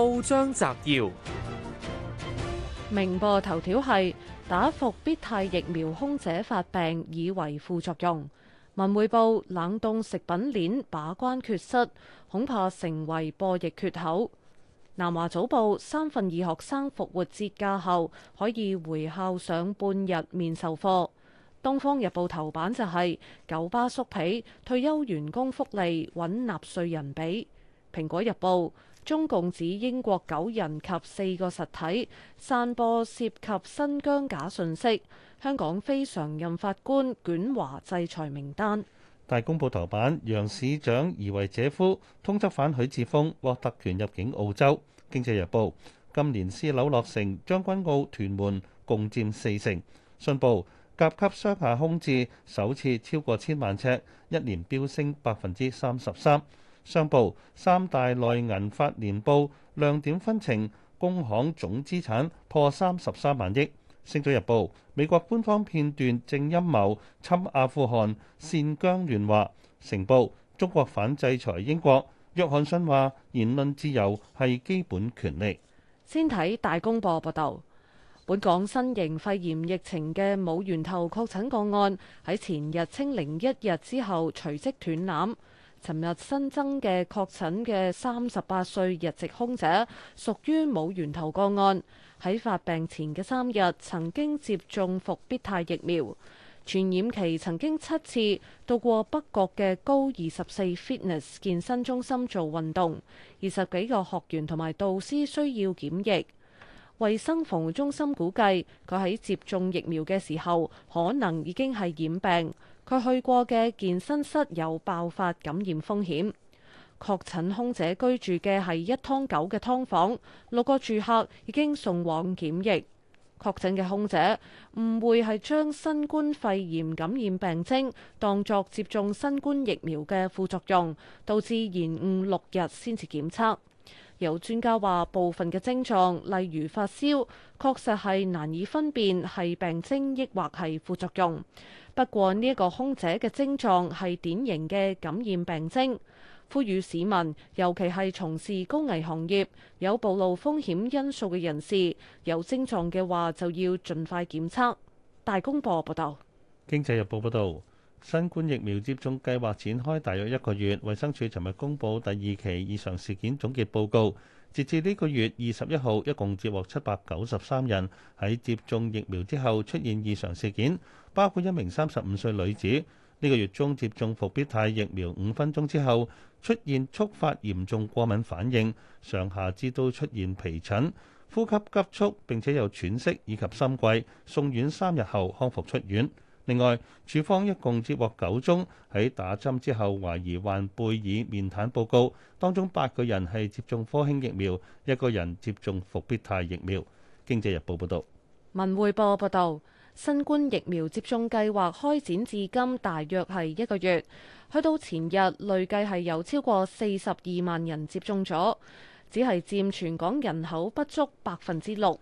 報章摘要：明報頭條係打復必泰疫苗空姐發病以為副作用；文匯報冷凍食品鏈把關缺失，恐怕成為播疫缺口。南華早報三分二學生復活節假後可以回校上半日面授課。東方日報頭版就係、是、九巴縮皮退休員工福利搵納稅人畀。蘋果日報。中共指英國九人及四個實體散播涉及新疆假信息。香港非常任法官捲華制裁名單。大公報頭版：楊市長疑為姐夫通緝犯許智峰獲特權入境澳洲。經濟日報：今年私樓落成，將軍澳屯門共佔四成。信報：甲級商廈空置首次超過千萬尺，一年飆升百分之三十三。商報，三大內銀發年報，亮點分呈，工行總資產破三十三萬億。星島日報，美國官方片段正陰謀侵阿富汗，煽疆亂華。成報，中國反制裁英國，約翰遜話言論自由係基本權利。先睇大公報報導，本港新型肺炎疫情嘅冇源頭確診個案喺前日清零一日之後，隨即斷纜。尋日新增嘅確診嘅三十八歲日籍空姐，屬於冇源頭個案，喺發病前嘅三日曾經接種復必泰疫苗，傳染期曾經七次到過北角嘅高二十四 Fitness 健身中心做運動，二十幾個學員同埋導師需要檢疫。衞生防護中心估計，佢喺接種疫苗嘅時候可能已經係染病。佢去過嘅健身室有爆發感染風險。確診空姐居住嘅係一劏九嘅劏房，六個住客已經送往檢疫。確診嘅空姐誤會係將新冠肺炎感染病徵當作接種新冠疫苗嘅副作用，導致延誤六日先至檢測。有專家話，部分嘅症狀例如發燒，確實係難以分辨係病徵抑或係副作用。不過呢一個空姐嘅症狀係典型嘅感染病徵，呼籲市民，尤其係從事高危行業、有暴露風險因素嘅人士，有症狀嘅話就要盡快檢測。大公報報道。《經濟日報》報道。新冠疫苗接種計劃展開大約一個月，衛生署尋日公布第二期異常事件總結報告，截至呢個月二十一號，一共接獲七百九十三人喺接種疫苗之後出現異常事件，包括一名三十五歲女子，呢、這個月中接種復必泰疫苗五分鐘之後出現觸發嚴重過敏反應，上下肢都出現皮疹、呼吸急促，並且有喘息以及心悸，送院三日後康復出院。另外，處方一共接獲九宗喺打針之後懷疑患貝爾面癱報告，當中八個人係接種科興疫苗，一個人接種復必泰疫苗。經濟日報報道，文匯報報道，新冠疫苗接種計劃開展至今大約係一個月，去到前日累計係有超過四十二萬人接種咗，只係佔全港人口不足百分之六。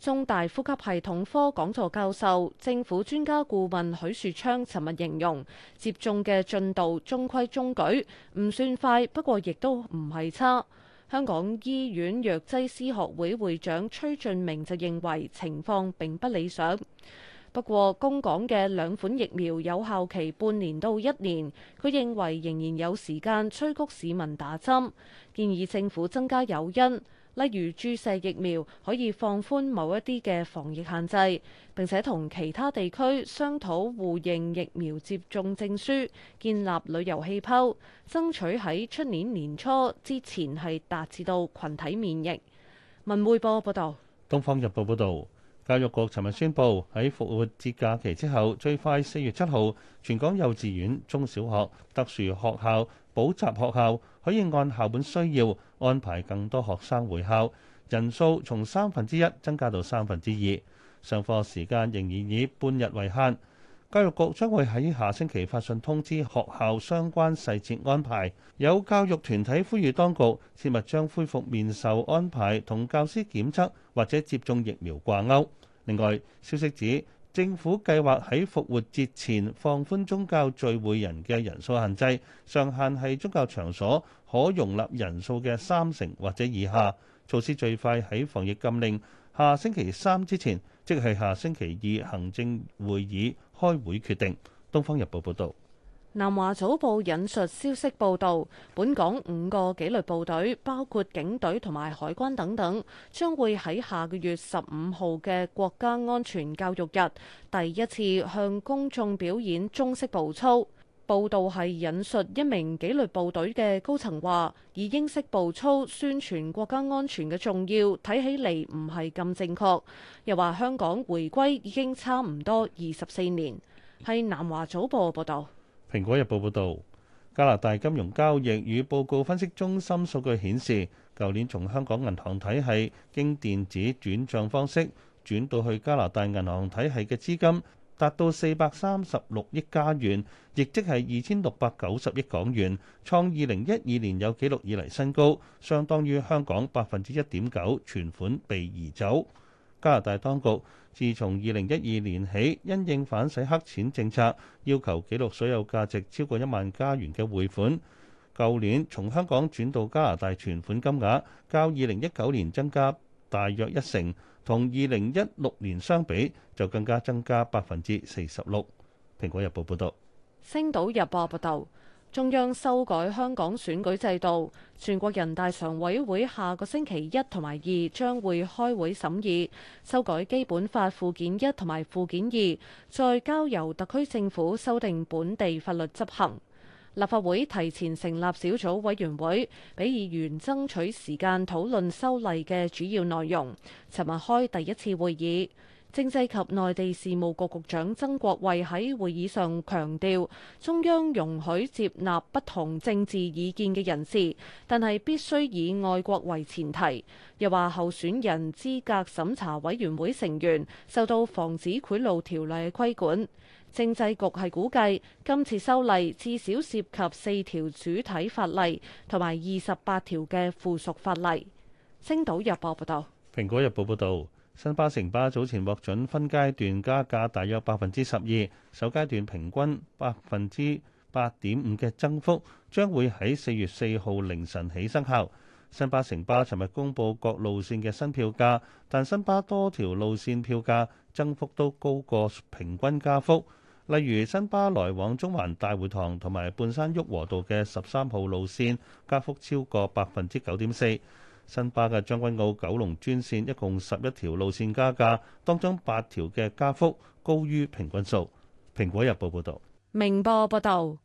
中大呼吸系統科講座教授、政府專家顧問許樹昌尋日形容，接種嘅進度中規中矩，唔算快，不過亦都唔係差。香港醫院藥劑師學會會長崔俊明，就認為情況並不理想。不過供港嘅兩款疫苗有效期半年到一年，佢認為仍然有時間催谷市民打針，建議政府增加誘因。例如注射疫苗可以放寬某一啲嘅防疫限制，並且同其他地區商討互認疫苗接種證書，建立旅遊氣泡，爭取喺出年年初之前係達至到群體免疫。文匯報報道。《東方日報》報道，教育局尋日宣布喺復活節假期之後，最快四月七號，全港幼稚園、中小學、特殊學校、補習學校可以按校本需要安排更多學生回校，人數從三分之一增加到三分之二。上課時間仍然以半日為限。教育局將會喺下星期發信通知學校相關細節安排。有教育團體呼籲當局切勿將恢復面授安排同教師檢測或者接種疫苗掛鈎。另外，消息指。政府計劃喺復活節前放寬宗教聚會人嘅人數限制，上限係宗教場所可容納人數嘅三成或者以下。措施最快喺防疫禁令下星期三之前，即係下星期二行政會議開會決定。《東方日報》報導。南華早報引述消息報道，本港五個紀律部隊，包括警隊同埋海關等等，將會喺下個月十五號嘅國家安全教育日第一次向公眾表演中式步操。報道係引述一名紀律部隊嘅高層話，以英式步操宣傳國家安全嘅重要，睇起嚟唔係咁正確。又話香港回歸已經差唔多二十四年。係南華早報報道。《蘋果日報》報導，加拿大金融交易與報告分析中心數據顯示，舊年從香港銀行體系經電子轉賬方式轉到去加拿大銀行體系嘅資金達到四百三十六億加元，亦即係二千六百九十億港元，創二零一二年有記錄以嚟新高，相當於香港百分之一點九存款被移走。加拿大當局自從二零一二年起，因應反洗黑錢政策，要求記錄所有價值超過一萬加元嘅匯款。舊年從香港轉到加拿大存款金額，較二零一九年增加大約一成，同二零一六年相比就更加增加百分之四十六。蘋果日報報道。星島日報報導。中央修改香港選舉制度，全國人大常委會下個星期一同埋二將會開會審議，修改基本法附件一同埋附件二，再交由特區政府修訂本地法律執行。立法會提前成立小組委員會，俾議員爭取時間討論修例嘅主要內容。尋日開第一次會議。政制及內地事務局局長曾國衛喺會議上強調，中央容許接納不同政治意見嘅人士，但係必須以愛國為前提。又話候選人資格審查委員會成員受到防止賄賂條例嘅規管。政制局係估計今次修例至少涉及四條主體法例同埋二十八條嘅附屬法例。星島日報報道。蘋果日報報導。新巴城巴早前獲准分階段加價，大約百分之十二。首階段平均百分之八點五嘅增幅將會喺四月四號凌晨起生效。新巴城巴尋日公布各路線嘅新票價，但新巴多條路線票價增幅都高過平均加幅。例如新巴來往中環大會堂同埋半山旭和道嘅十三號路線，加幅超過百分之九點四。新巴嘅將軍澳九龍專線一共十一條路線加價，當中八條嘅加幅高於平均數。蘋果日報報導。明報報導，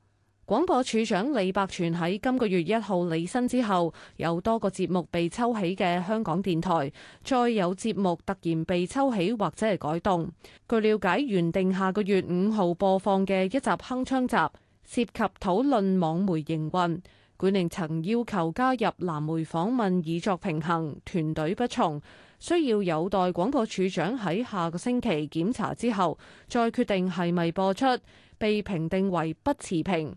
廣播處長李柏全喺今個月一號離任之後，有多個節目被抽起嘅香港電台，再有節目突然被抽起或者係改動。據了解，原定下個月五號播放嘅一集《鏗鏘集》，涉及討論網媒營運。管理層要求加入藍媒訪問以作平衡，團隊不從，需要有待廣播處長喺下個星期檢查之後再決定係咪播出。被評定為不持平，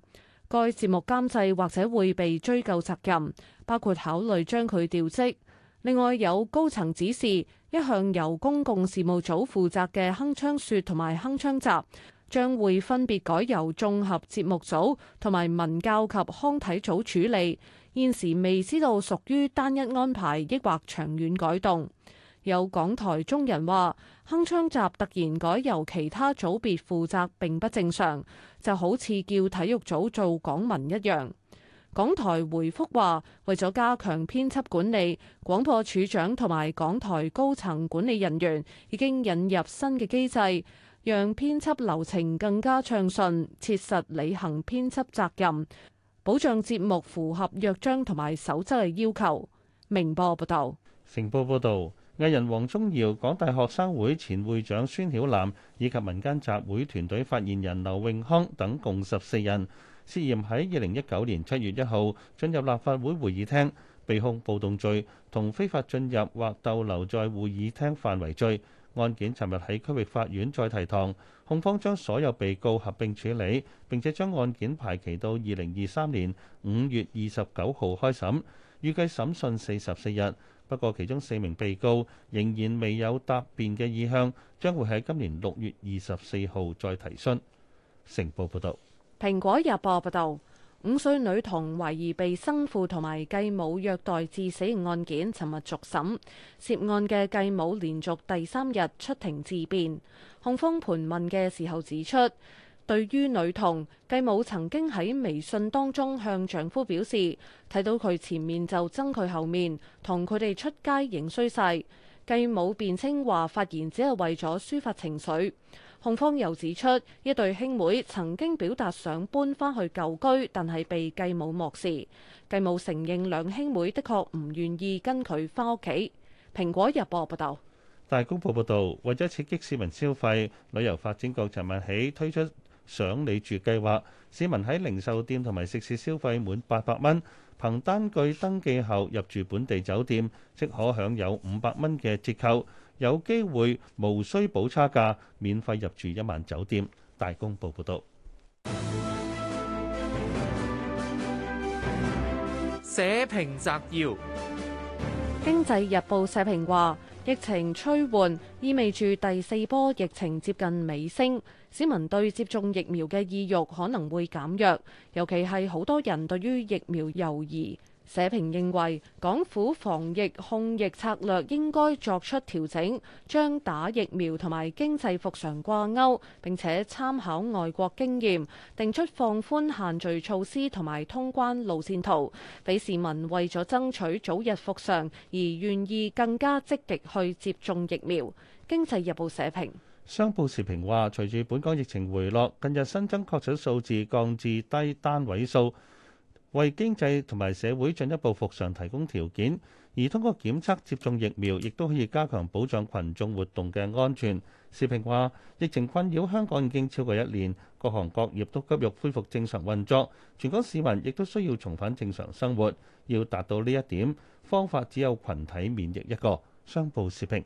該節目監製或者會被追究責任，包括考慮將佢調職。另外有高層指示，一向由公共事務組負責嘅《鏗鏘說》同埋《鏗鏘集》，將會分別改由綜合節目組同埋文教及康體組處理，現時未知道屬於單一安排，抑或長遠改動。有港台中人話：鏗鏘集突然改由其他組別負責並不正常，就好似叫體育組做港聞一樣。港台回覆話：為咗加強編輯管理，廣播處長同埋港台高層管理人員已經引入新嘅機制。讓編輯流程更加暢順，切實履行編輯責任，保障節目符合約章同埋守則嘅要求。明報報道。成報報道。藝人王宗堯、港大學生會前會長孫曉嵐以及民間集會團隊發言人劉永康等共十四人涉嫌喺二零一九年七月一號進入立法會會議廳，被控暴動罪同非法進入或逗留在會議廳範圍罪。案件尋日喺區域法院再提堂，控方將所有被告合併處理，並且將案件排期到二零二三年五月二十九號開審，預計審訊四十四日。不過，其中四名被告仍然未有答辯嘅意向，將會喺今年六月二十四號再提訊。成報報導。蘋果日報報導。五歲女童懷疑被生父同埋繼母虐待致死案件，尋日續審。涉案嘅繼母連續第三日出庭自辯，控方盤問嘅時候指出，對於女童，繼母曾經喺微信當中向丈夫表示，睇到佢前面就憎佢後面，同佢哋出街認衰世。繼母辯稱話發言只係為咗抒發情緒。控方又指出，一對兄妹曾經表達想搬翻去舊居，但係被繼母漠視。繼母承認兩兄妹的確唔願意跟佢翻屋企。蘋果日報報道，大公報報道，為咗刺激市民消費，旅遊發展局尋日起推出「想你住」計劃，市民喺零售店同埋食肆消費滿八百蚊，憑單據登記後入住本地酒店，即可享有五百蚊嘅折扣。有機會無需補差價，免費入住一晚酒店。大公報報道。社評摘要：經濟日報社評話，疫情趨緩意味住第四波疫情接近尾聲，市民對接種疫苗嘅意欲可能會減弱，尤其係好多人對於疫苗猶疑。社評認為，港府防疫控疫策略應該作出調整，將打疫苗同埋經濟復常掛鈎，並且參考外國經驗，定出放寬限聚措施同埋通關路線圖，俾市民為咗爭取早日復常而願意更加積極去接種疫苗。經濟日報社評，商報時評話，隨住本港疫情回落，近日新增確診數字降至低單位數。為經濟同埋社會進一步復常提供條件，而通過檢測接種疫苗，亦都可以加強保障群眾活動嘅安全。社評話：疫情困擾香港已經超過一年，各行各業都急欲恢復正常運作，全港市民亦都需要重返正常生活。要達到呢一點，方法只有群體免疫一個。商報社評。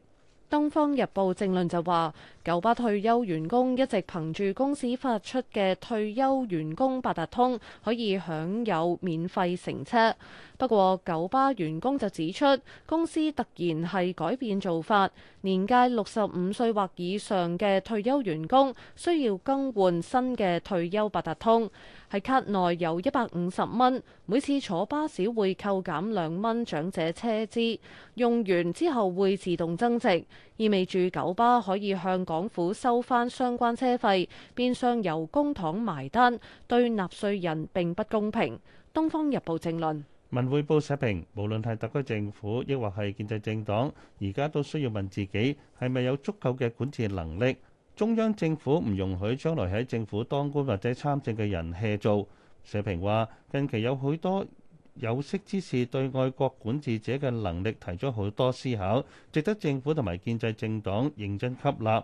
《東方日報》正論就話：九巴退休員工一直憑住公司發出嘅退休員工八達通，可以享有免費乘車。不過，九巴員工就指出，公司突然係改變做法，年屆六十五歲或以上嘅退休員工需要更換新嘅退休八達通。喺卡內有一百五十蚊，每次坐巴士會扣減兩蚊長者車資，用完之後會自動增值，意味住九巴可以向港府收翻相關車費，變相由公帑埋單，對納稅人並不公平。《東方日報》正論，《文匯報》社評，無論係特區政府抑或係建制政黨，而家都需要問自己係咪有足夠嘅管治能力。中央政府唔容許將來喺政府當官或者參政嘅人 hea 做。社評話：近期有許多有識之士對外國管治者嘅能力提出好多思考，值得政府同埋建制政黨認真吸納，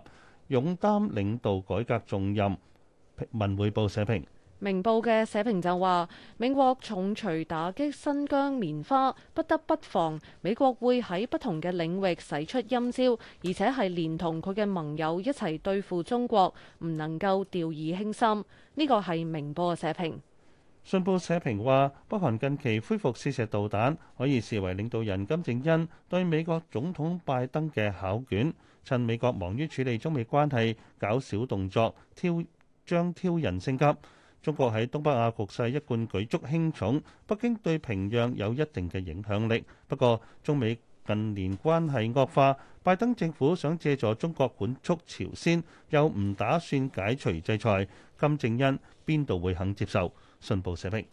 勇擔領導改革重任。文匯報社評。明報嘅社評就話：美國重錘打擊新疆棉花，不得不防。美國會喺不同嘅領域使出陰招，而且係連同佢嘅盟友一齊對付中國，唔能夠掉以輕心。呢、這個係明報嘅社評。信報社評話：北韓近期恢復試射導彈，可以視為領導人金正恩對美國總統拜登嘅考卷。趁美國忙於處理中美關係，搞小動作，挑將挑釁，升級。中國喺東北亞局勢一貫舉足輕重，北京對平壤有一定嘅影響力。不過，中美近年關係惡化，拜登政府想借助中國管束朝鮮，又唔打算解除制裁，金正恩邊度會肯接受？信報社評。